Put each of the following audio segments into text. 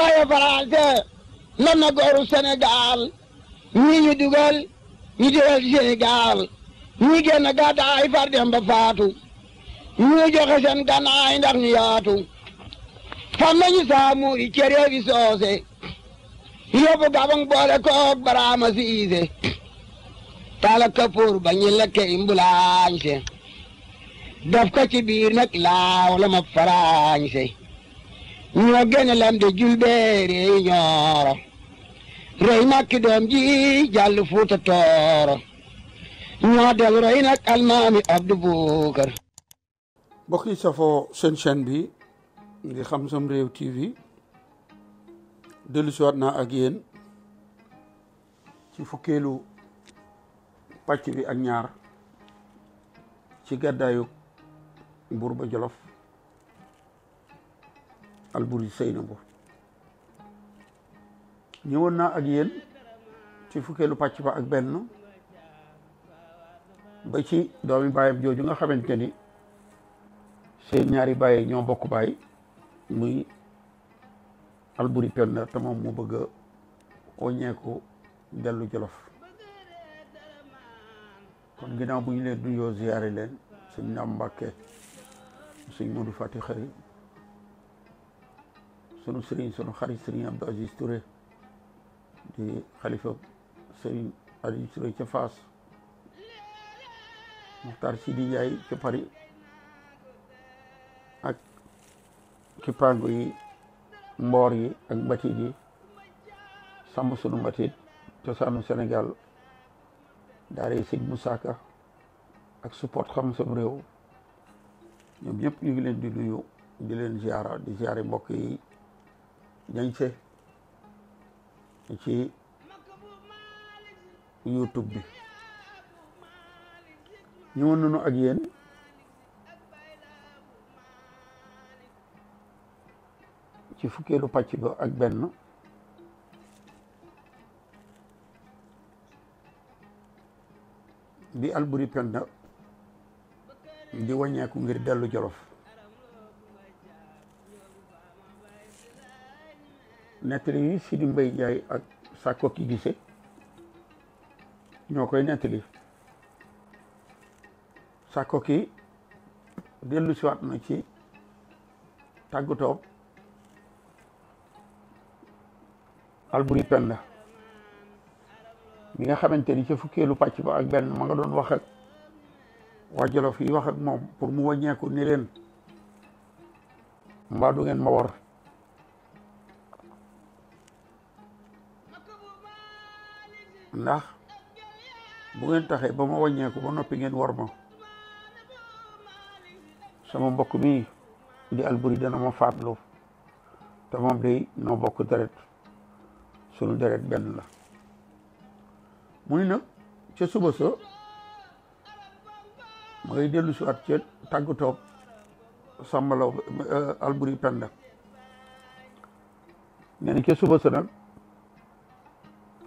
waaye Faranse man na gooru Sénégal ci biir nag laaw la ma faraañse nyogene gëna lam de julbeere ñooro rey makki doom ji jàll futa tooro ñoo reina roy abdu bukar mbokk safo sen sen bi di xam sam tv dellu siwaat naa ak yéen ci fukkeelu pàcc bi ak ñaar ci Alburi sëy na Mbour naa ak yéen ci fukkeelu pàcc ba ak benn ba ci doomi baayam jooju nga xamante ni seen ñaari baay ñoo bokk baay muy Alburi Penda te moom mu bëgg a oññeeku dellu Jolof kon ginnaaw bu ñu leen nuyoo ziyaare leen sëñ Naam Mbàkke sëñ Modou fàtti Xëri sunu sëriñ sunu xarit sëriñ Abdou Aziz Touré di xalifa sëriñ Aliou Touré ca Faas Muxtaar Sidi Njaay ca Paris ak kipango yi mboor yi ak mbatit yi sàmm sunu mbatit cosaanu senegal daara yi sëñ Moussa ak support xam sam réew ñoom ñëpp ñu ngi leen di nuyu di leen ziara di ziare mbokk yi dencee ci YouTube bi ñëwoon nañu ak yéen ci fukkeelu pàcc ba ak benn bi Alburi Penda di wàññeeku ngir dellu Jolof netali yi Sidi mbay Ndiaye ak Sakko ki gise ñoo koy nettali Sakko ki dellu siwaat na ci tàggatoo Alburi Penda bi nga xamante ni ca fukkeelu pàcc ba ak benn ma nga doon wax ak waa Jolof yi wax ak moom pour mu wàññeeku ni leen mbaa du ngeen ma war ndax bu ngeen taxee ba ma wàññeeku ba noppi ngeen war sama mbokk mi di alburi dana ma faatlu te moom day noo bokk deret sunu deret benn la mu ni nag ca suba sa ma ngay dellu si waat ca tàggatoog alburi penda nee na suba sa nag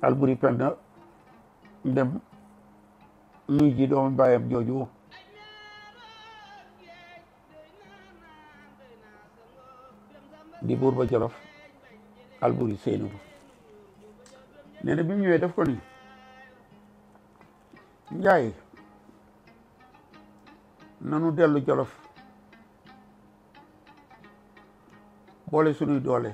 alburi penda dem luy ji doomu bàyyam jooju di buur ba jolof alburi seenu nee na bi ñëwee def ko ni njaay nanu dellu jolof boole sunuy doole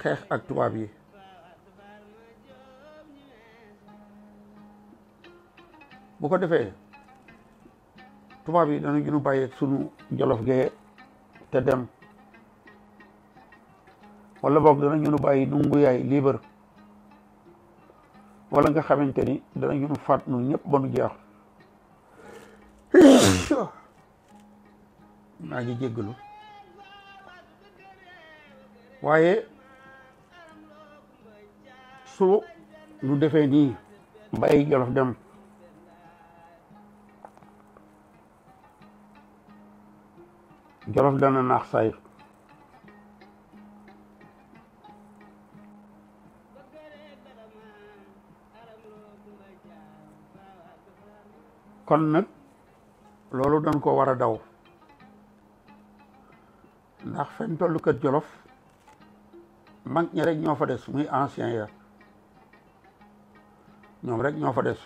xeex ak tubaab yi bu ko defee tubaab yi danañu ñu bàyyi sunu jolof gee te dem wala boog danañu ñu bàyyi nungu yaay libre wala nga xamante ni danañu ñu faat ñun ñëpp nu jeex maa ngi jéggalu waaye su nu defee nii bàyyi jolof dem Jolof dana nax say kon nak loolu dan ko wara daw ndax fen tollu ke Jolof mag ñi rek ñoo fa muy ancien ya ñom rek ñoo fa des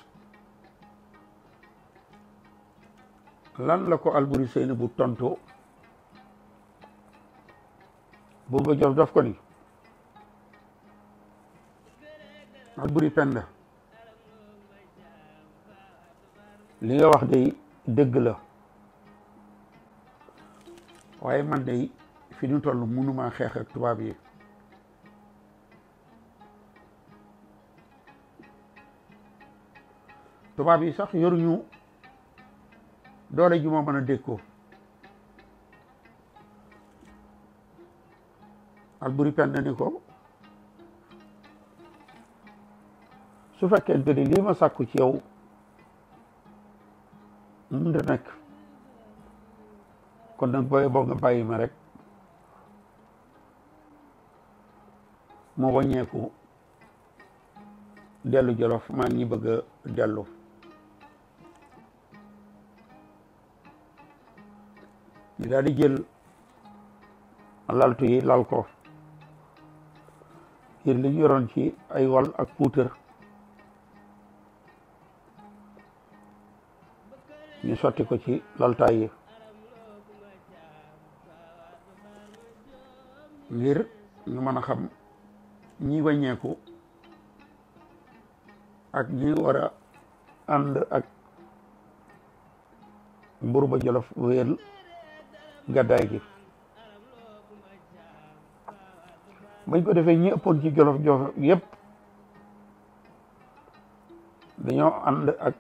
lan la ko alburi seen bu tonto buuba Joob daf ko ni ak buri li nga wax day dëgg la waaye man day fi ñu toll mënuma xeex ak tubaab yi tubaab yi sax yoruñu doole ji moo mën a dékkoo Alburi Penda ni ko su fekkente ni lima ma sàkku ci yow mun da nekk kon nag booy boo nga bàyyi rek ma wàññeeku dellu jolof bëgg lal ko ngir li ñu yoroon ci ay wal ak puutar ñu sotti ko ci laltaay yi ngir ñu mën a xam ñi wàññeeku ak ñi war a ànd ak buur ba Jolof wéel gàddaay gi bañ ko defee ñi ëppoon ci jolof jolof yépp dañoo ànd ak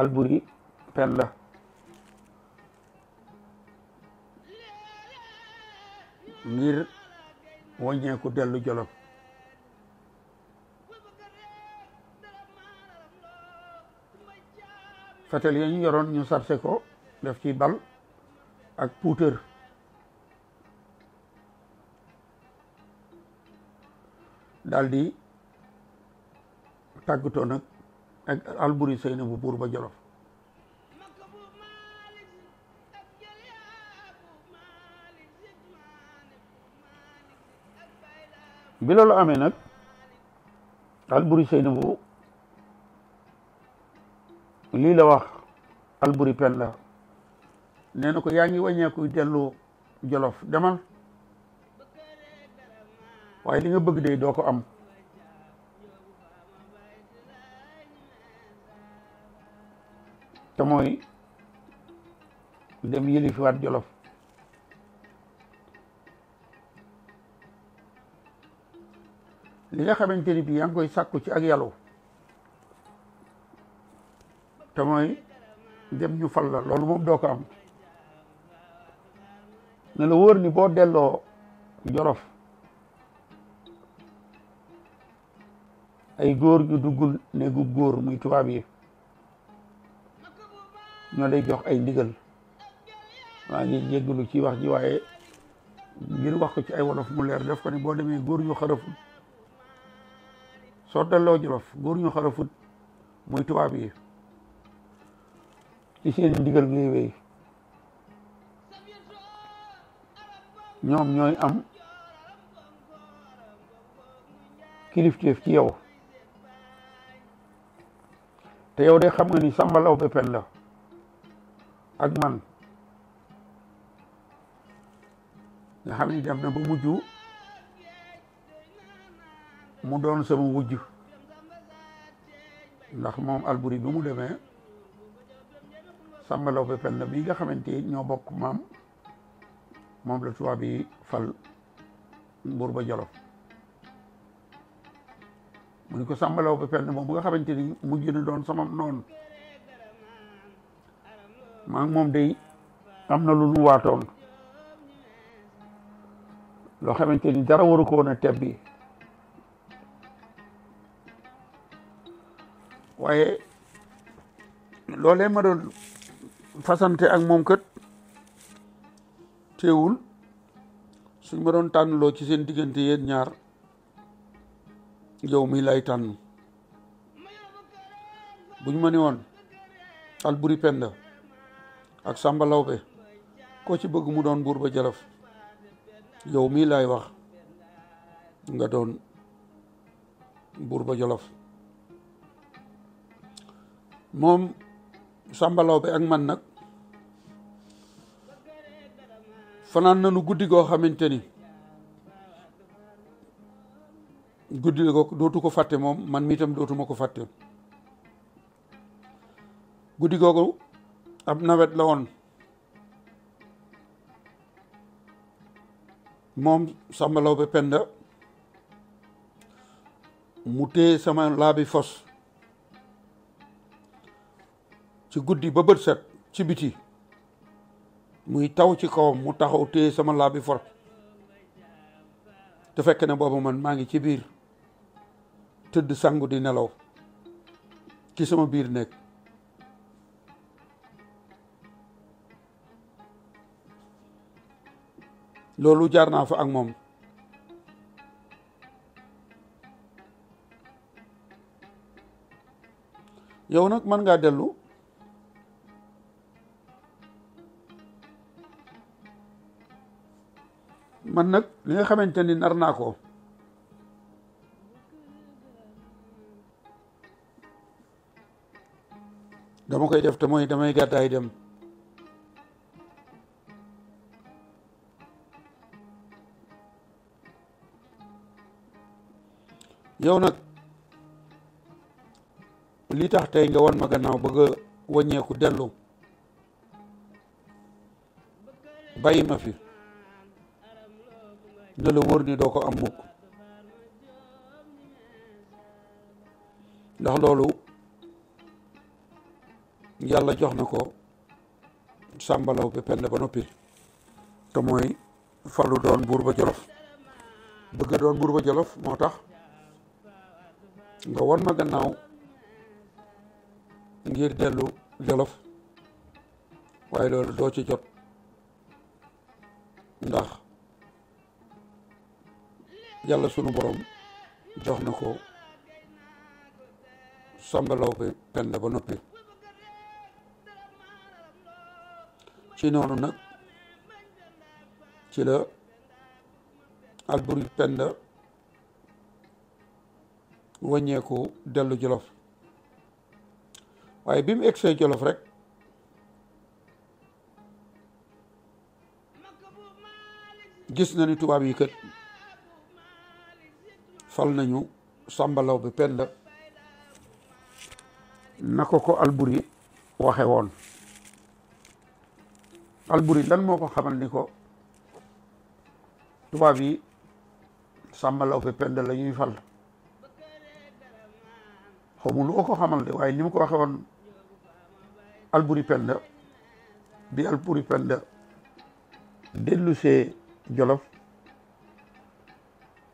alburi penda ngir wàññeeku dellu jolof fetel ya ñu yoroon ñu sarse ko def ci bal ak puutër daal di tàggatoo nag ak Alburi sëy na bu buur ba Jolof bi loolu amee nag Alburi sëy na bu lii la wax Alburi Penda nee na ko yaa ngi wàññeeku dellu Jolof demal waaye li nga bëgg de doo ko am te mooy dem yëli fi waat jolof li nga xamante ni bi yaa ngi koy sàkku ci ak yàlla te mooy dem ñu fal la loolu moom doo ko am ne la wóor ni boo delloo jolof ay góor yu duggul néegu góor muy tubaab yi ñoo lay jox ay diggal maa ngi jéggalu ci wax ji waaye ngir wax ko ci ay wolof mu leer def ko ne boo demee góor ñu xarafut soo delloo jolof góor ñu xarafut muy tubaab yi ci seen ndigal ngay wéy ñoom ñooy am kilif kilifteef ci yow te yow de xam nga ni Samba Law Pépin la ak man nga xam dem na ba mujj mu doon sama wujj ndax moom Alburi bi mu demee Samba Law Pépin la bi nga xamante ñoo bokk maam moom la tubaab bi fal Buur ba jolo mu ne ko sàmbalaw ba fenn moom nga xamante ni mu gën a doon sama noon ma ngi moom day am na lu nu waatoon loo xamante ni dara waru ko woon a tebbi waaye loolee ma doon fasante ak moom kët teewul suñ ma doon tànnloo ci seen diggante yéen ñaar ci géew mii lay tànn bu ma ni woon buri Penda ak Sàmba Lawbe ko ci bëgg mu doon buur ba Jolof yow mi lay wax nga doon buur ba moom Lawbe ak man nag fanaan nanu guddi goo guddi dootu ko fàtte moom man mi tam dootuma ko fàtte guddi googu ab nawet la woon moom Samba ba Penda mu téye sama laabi fos ci guddi ba bët set ci biti muy taw ci kawam mu taxaw téye sama laabi fos te fekk na boobu man maa ngi ci biir tëdd sangu di nelaw ci sama biir nekk loolu jaar naa fa ak moom yow nag man ngaa dellu man nag li nga xamante ni nar naa ko dama koy def te mooy damay gàddaay dem yow nag li tax tey nga wan ma gannaaw bëgg a wàññeeku dellu bàyyi ma fi ne la wóor ni doo ko am mukk ndax loolu yàlla jox na ko sàmbalaw bi penn ba noppi te mooy falu doon buur ba jolof bëgga doon buur ba jolof moo tax nga won ma gannaaw ngir dellu jolof waaye loolu doo ci jot ndax yàlla sunu borom jox na ko sàmbalaw bi penn ba noppi ci noonu nag ci la Alburi pend wàññeeku dellu Jolof waaye bi mu egsee Jolof rek gis na ni tubaab yi kat fal nañu sàmbalaw bi pend na ko ko Alburi waxe woon Alburi lan moo ko xamal ni ko tubaab yi Samba Laobé Penda la ñuy fal xawma lu ko xamal de waaye ni mu ko waxe woon Alburi Penda bi Alburi Penda dellusee Jolof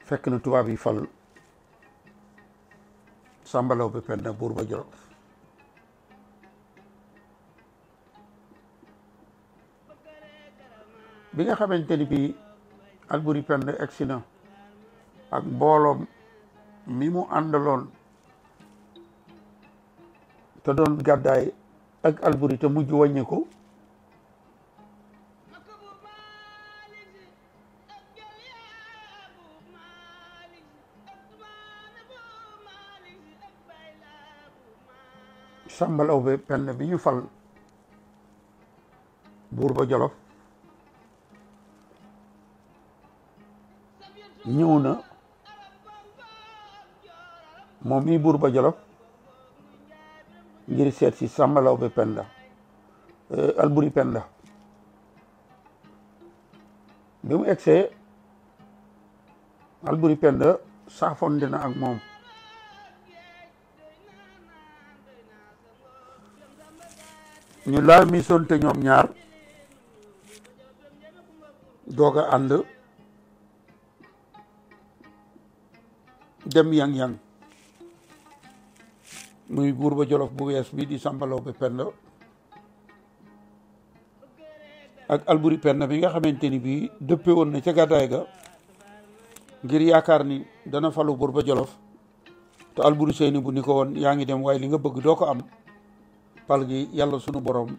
fekk na tubaab yi fal Samba Laobé Penda buur ba Jolof bi nga xamanteni bi bii Alboury-Pende egsi na ak mbooloom mi mu àndaloon te doon gàddaay ak alburi te mujj wàññi ko Samba Laobé Pende bi ñu fal buur ba Jolof ñëw na moom mii buur ba Jolof ngir seet si Samba Laobé Penda euh, Alburi Penda bi mu egsee Alburi Penda saafonte na ak moom ñu laa mi sonte ñoom ñaar doog a ànd dem yang-yang muy bour ba jolof bu wees bi di sambalo be penda ak alburi penda bi nga xamanteni bi bii won na ci gàddaay ga ngir yakar ni dana falu bour ba jolof to alburi seyni bu niko won yaangi dem way li nga bëgg doko am pal gi yalla sunu borom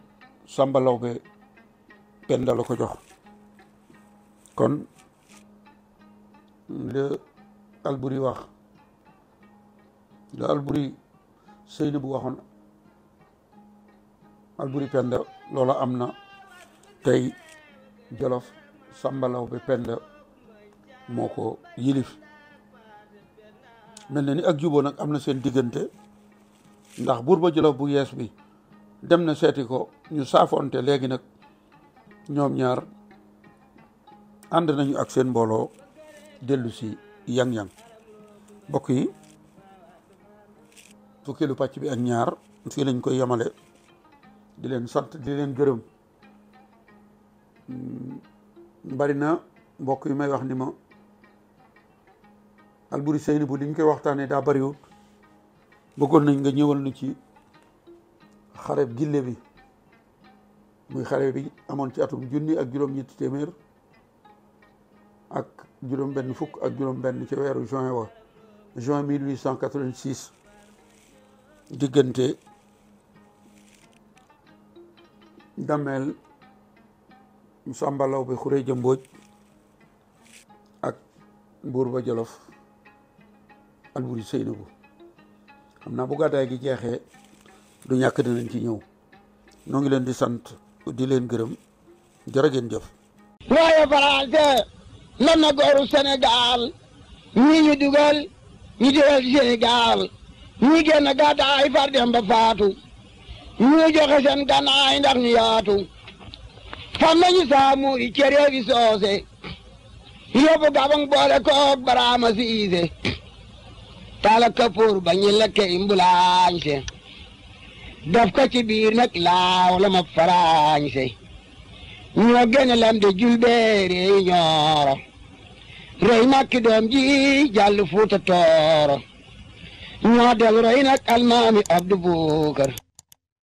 sambalo be penda la ko jox kon le alburi wax la Alburi Seydi bu waxoon Alburi Penda loola am na tey Jolof sàmbalaw bi Penda moo ko yilif mel na ni ak juboo nag am na seen diggante ndax buur ba Jolof bu yees bi dem na seeti ko ñu saafoonte léegi nag ñoom ñaar ànd nañu ak seen mbooloo dellusi si yang-yang mbokk yi fukkeelu pàcc bi ak ñaar fii lañ koy yemale di leen sant di leen gërëm mm, bari na mbokk yu may wax ni ma Alboury Seyni bu liñ koy waxtaanee daa bariwut bëggoon nañ nga ñëwal nu ci xareb gille bi muy xare bi amoon ci atum junni ak juróom-ñetti téeméer ak juróom-benn fukk ak juróom-benn ci weeru juin wa juin 1886 diggante dameel Samba bi Khourédia jëmbooj ak buur ba Jolof Alboury Seynabou xam na bu gàddaay gi jeexee du ñàkk dinañ ci ñëw noo ngi leen di sant di leen gërëm jërë ngeen jëf waaye français lan na gooru Sénégal ñi ñu dugal ñu dugal Sénégal ñi génn gàddaay far dem faatu ñi joxe seen gànnaay ndax ñu yaatu fam nañu saamuuri cereefi soose yóbbu gabang boole koog baraama siise tala ba ñi lekke imbulaañse daf ko biir nag laaw la ma faraañse ñoo génn lam de julbeere ñooro rey makki doom ji jàll fuuta tooro نادي إبراهيم المامي عبد بكر